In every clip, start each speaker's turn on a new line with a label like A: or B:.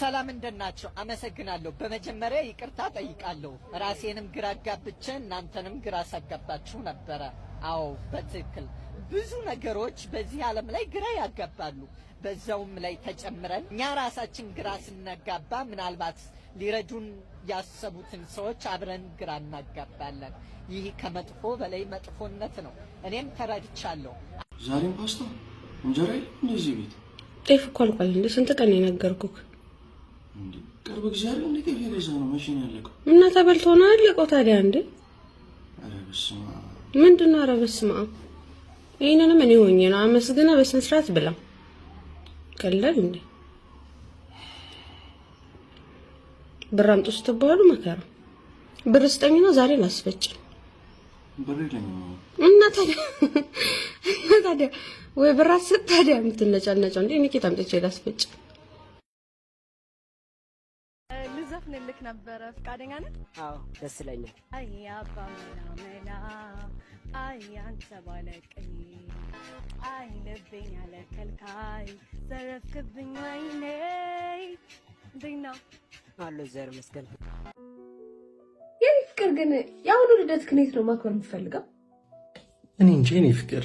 A: ሰላም እንደናቸው አመሰግናለሁ። በመጀመሪያ ይቅርታ ጠይቃለሁ። ራሴንም ግራ አጋብቼ እናንተንም ግራ ሳጋባችሁ ነበረ። አዎ በትክክል ብዙ ነገሮች በዚህ ዓለም ላይ ግራ ያጋባሉ። በዛውም ላይ ተጨምረን እኛ ራሳችን ግራ ስናጋባ ምናልባት ሊረዱን ያሰቡትን ሰዎች አብረን ግራ እናጋባለን። ይህ ከመጥፎ በላይ መጥፎነት ነው። እኔም ተረድቻለሁ።
B: ዛሬም ፓስታ እንጀራ እንደዚህ ቤት
C: ጤፍ እኮ አልቋል። ስንት ቀን የነገርኩህ
B: ቅርብ ጊዜ አይደል እንደ ጤፍ የገዛው ነው። መቼ ያለቀው?
C: እና ተበልቶ ነው ያለቀው። ታዲያ እንደ
B: ኧረ በስመ አብ
C: ምንድን ነው? ኧረ በስመ አብ ይህንንም እኔ ሆኜ ነው በስነ ስርዓት ብላ ቀላል ብር አምጡ ስትባሉ መከራ ብር ዛሬ ላስፈጭም እና ታዲያ ወይ ብር ታዲያ የምትነጫነጫው እንደ እኔ ኬት አምጥቼ ላስፈጭ?
D: ነበረ። ፍቃደኛ ነህ?
E: አዎ ደስ ይለኛል።
D: አይ አባ መላ አይ አንተ ባለቅኝ አይ ልብኝ አለ ከልካይ ዘረፍክብኝ ወይኔ ድና
E: አሎ ዘር መስገን
D: የኔ ፍቅር ግን የአሁኑ ልደት ክኔት ነው ማክበር የምትፈልገው?
B: እኔ እንጂ የኔ ፍቅር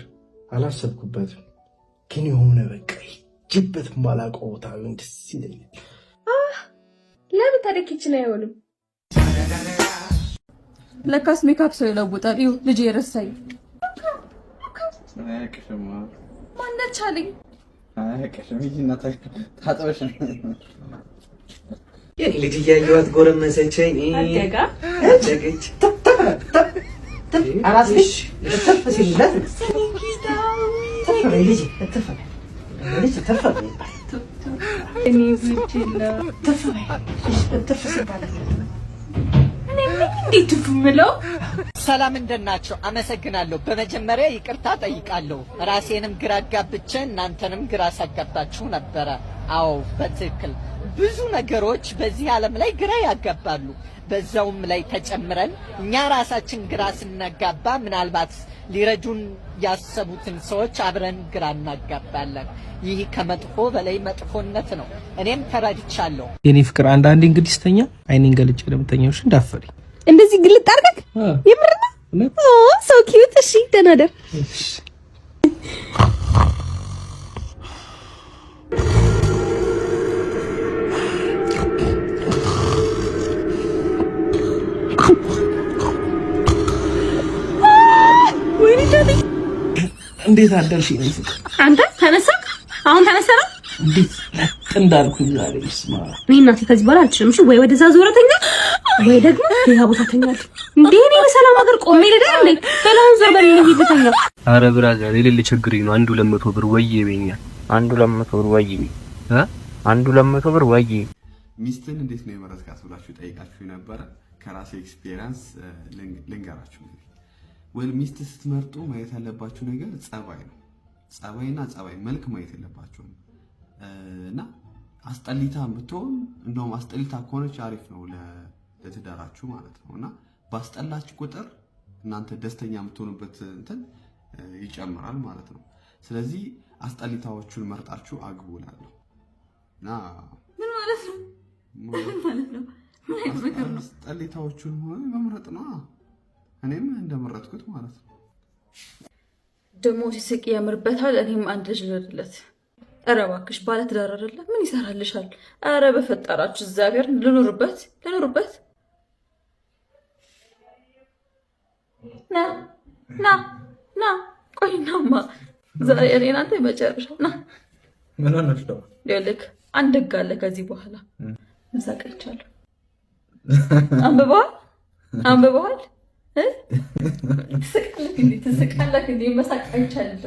B: አላሰብኩበትም፣ ግን የሆነ በቃ ጅበት ማላቆታ ደስ ይለኛል
D: ለምን ታዲያ ኪችን አይሆንም?
C: ለካስ ሜካፕ ሰው ይለውጣል። ይኸው ልጄ የረሳኝ
D: ማነች አለኝ።
E: ልጅ እያየኋት ጎረመሰችኝ።
A: ሰላም እንደናቸው አመሰግናለሁ። በመጀመሪያ ይቅርታ ጠይቃለሁ። ራሴንም ግራ አጋብቼ እናንተንም ግራ አሳጋባችሁ ነበረ። አዎ በትክክል ብዙ ነገሮች በዚህ ዓለም ላይ ግራ ያጋባሉ። በዛውም ላይ ተጨምረን እኛ ራሳችን ግራ ስናጋባ ምናልባት ሊረዱን ያሰቡትን ሰዎች አብረን ግራ እናጋባለን። ይህ ከመጥፎ በላይ መጥፎነት ነው። እኔም ተረድቻለሁ።
B: የኔ ፍቅር አንዳንዴ እንግዲህ ስተኛ አይኔን ገልጬ ለምተኛዎች እንዳፈሪ
D: እንደዚህ ግልጥ አድርገህ የምርና ሰው ኪዩት። እሺ ተናደር
B: እንዴት አደርሽ? እኔ ፍቅር
D: አንተ ተነሳ፣ አሁን ተነሳ ነው
B: እንዴት እንዳልኩኝ ዛሬ ስማ፣ እኔ
D: እናቴ ከዚህ በኋላ አልችልም። እሺ ወይ ወደዛ ዞረተኛ ወይ ደግሞ ሌላ ቦታ ተኛል። እንዴ እኔ በሰላም ሀገር ቆሜ ልደ እንዴ በላን ዞር በሌለ ይበተኛ።
F: አረ ብራዘር የሌለ ችግር ነው። አንዱ ለመቶ ብር ወይ ይበኛል።
G: አንዱ ለመቶ ብር ወይ እ አንዱ ለመቶ ብር ወይ
H: ሚስትን እንዴት ነው የመረጥካት ብላችሁ ጠይቃችሁ ነበረ። ከራሴ ኤክስፒሪየንስ ልንገራችሁ ወል ሚስት ስትመርጡ ማየት ያለባችሁ ነገር ጸባይ ነው። ጸባይና ጸባይ መልክ ማየት የለባችሁም። እና አስጠሊታ ብትሆን እንደውም አስጠሊታ ከሆነች አሪፍ ነው ለትዳራችሁ ማለት ነው። እና ባስጠላች ቁጥር እናንተ ደስተኛ የምትሆኑበት እንትን ይጨምራል ማለት ነው። ስለዚህ አስጠሊታዎቹን መርጣችሁ አግቡ እላለሁ። እና
D: ምን ማለት ነው? ምን ማለት ነው?
H: አስጠሊታዎቹን ሆነ መምረጥ ነው። እኔም እንደመረጥኩት ማለት ነው።
C: ደግሞ ሲስቅ ያምርበታል። እኔም አንድ ልጅ ልወልድለት። ኧረ እባክሽ ባለ ትዳር አይደለ? ምን ይሰራልሻል? ኧረ በፈጠራችሁ እግዚአብሔር ልኑርበት፣ ልኑርበት። ና ና ና፣ ቆይናማ ዛሬ እኔ እናንተ የመጨረሻ ና። ምን ሆነሽ ነው? ይኸውልህ አንድ ህግ አለ። ከዚህ በኋላ መሳቅ አይቻልም። አንብበዋል፣ አንብበዋል ትስቃለህ እንዴ? መሳቅ አይቻልም።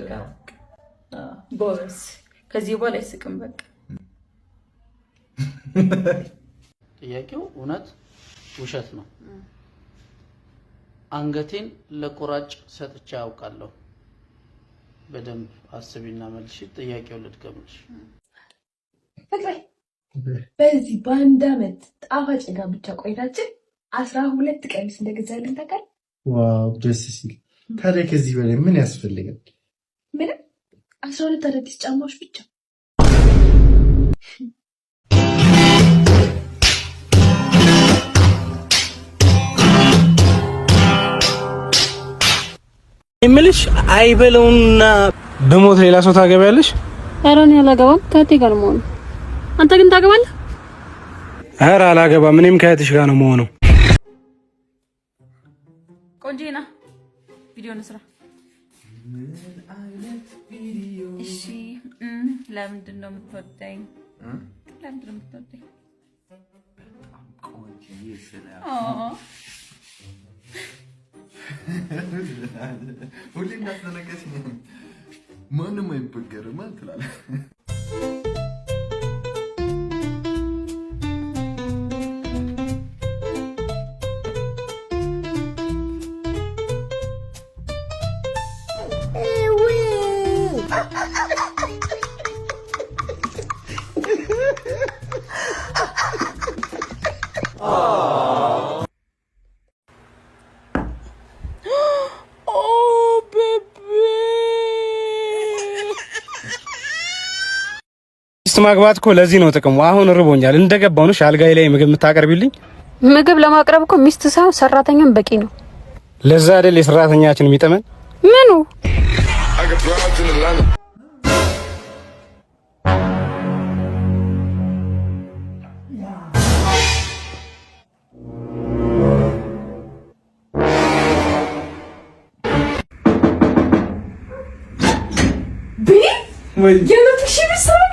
C: ጎበዝ፣ ከዚህ በኋላ አይስቅም። በቃ
I: ጥያቄው እውነት ውሸት ነው። አንገቴን ለቁራጭ ሰጥቼ አውቃለሁ። በደንብ አስቢና መልሽ። ጥያቄው ልድገምልሽ።
D: በዚህ በአንድ አመት ጣፋጭ ጋብቻ ቆይታችን አስራ ሁለት ቀሚስ እንደገዛልን ታውቃለህ?
B: ዋው ደስ ሲል። ታዲያ ከዚህ በላይ ምን ያስፈልጋል?
D: ምንም። አስራ ሁለት አዳዲስ ጫማዎች ብቻ።
B: የምልሽ አይበለውና ብሞት ሌላ ሰው ታገቢያለሽ?
C: ኧረ እኔ አላገባም ከእህቴ ጋር መሆኑ። አንተ ግን ታገባለህ?
B: ኧረ አላገባም። እኔም ከእህትሽ ጋር ነው የምሆነው
D: ቆንጆ ና ቪዲዮ እንስራ። እሺ ለምንድን ነው የምትወደኝ? ለምንድን ነው የምትወደኝ?
B: ሁሌ እንዳትነገረኝ ማንም አይበገርም ትላለህ ሚስት ማግባት እኮ ለዚህ ነው ጥቅሙ። አሁን ርቦኛል እንደገባው ነው አልጋዬ ላይ ምግብ የምታቀርቢልኝ።
C: ምግብ ለማቅረብ እኮ ሚስት ሳይሆን ሰራተኛም በቂ ነው።
B: ለዛ አይደል የሰራተኛችን የሚጠመን
C: ምኑ
D: Я напишу сам.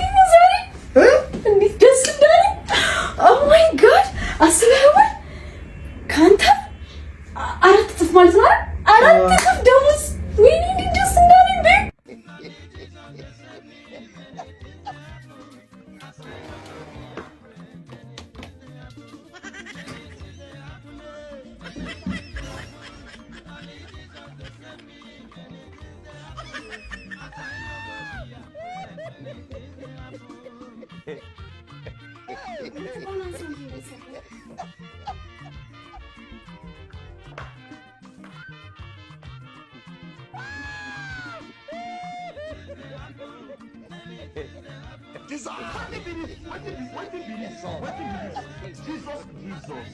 B: Jesus. What did believe? What did what did believe? What did believe? Jesus,
D: Jesus.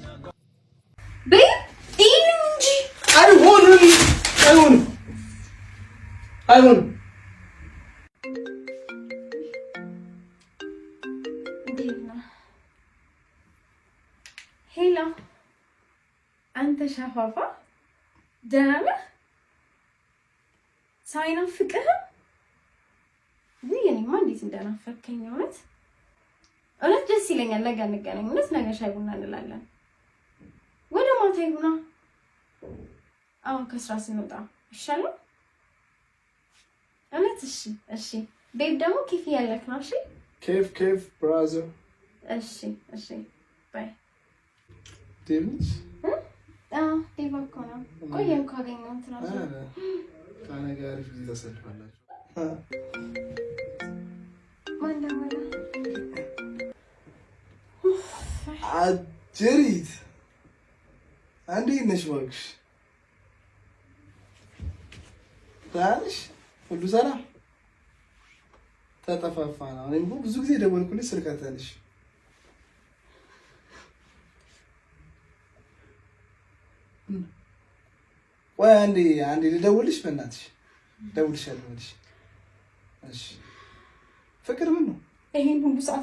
D: Babe, Inji.
B: I won. I won. I won.
D: ديرنا هلا أنت شفافة دامة ساينة فكرة እኔማ እንዴት እንደናፈከኝ እውነት እውነት ደስ ይለኛል። ነገ እንገናኝ። እውነት ነገ ሻይ ቡና እንላለን። ወደ ማታ ይሁና። አሁን ከስራ ስንወጣ ይሻላል። እውነት? እሺ፣ እሺ። ቤብ ደግሞ ኬፍ ያለክ ነው። እሺ፣
B: ኬፍ ኬፍ፣ ብራዘር።
D: እሺ፣ እሺ። ባይ ዴቪድ። አዎ፣ ዴቭ እኮ ነው። ቆየን ካገኘሁት ራሱ
B: ታነጋሪፍ ጊዜ ተሰልፋላችሁ አጀሪት እንዴት ነሽ? እባክሽ ታሽ ሁሉ ሰላም ተጠፋፋን። አሁን ብዙ ጊዜ ደወልኩልሽ ስልክ አታነሽ። ቆይ አንዴ አንዴ ልደውልሽ፣ በእናትሽ ደውልሽ። እሺ ፍቅር ምን ነው?
D: ይሄን ሁሉ ሰዓት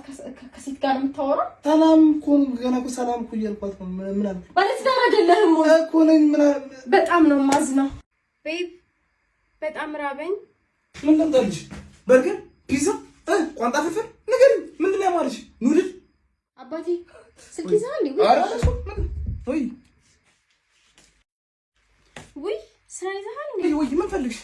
D: ከሴት ጋር የምታወራ
B: ሰላም እኮ ገና እኮ ሰላም እኮ እያልኳት ነው። ምን አለ
D: ማለት ጋር አይደለህም
B: እኮ ነኝ። ምን
D: በጣም ነው የማዝነው። ቤት በጣም ራበኝ።
B: ምን ልምጣልሽ? በርገር፣ ፒዛ፣ ቋንጣ ፍርፍር ነገር ምንድን ነው ያማልሽ? ኑድል
D: አባቴ ስልክ ወይ ውይ ስራ ይዘሃል?
B: ወይ ምን ፈልግሽ?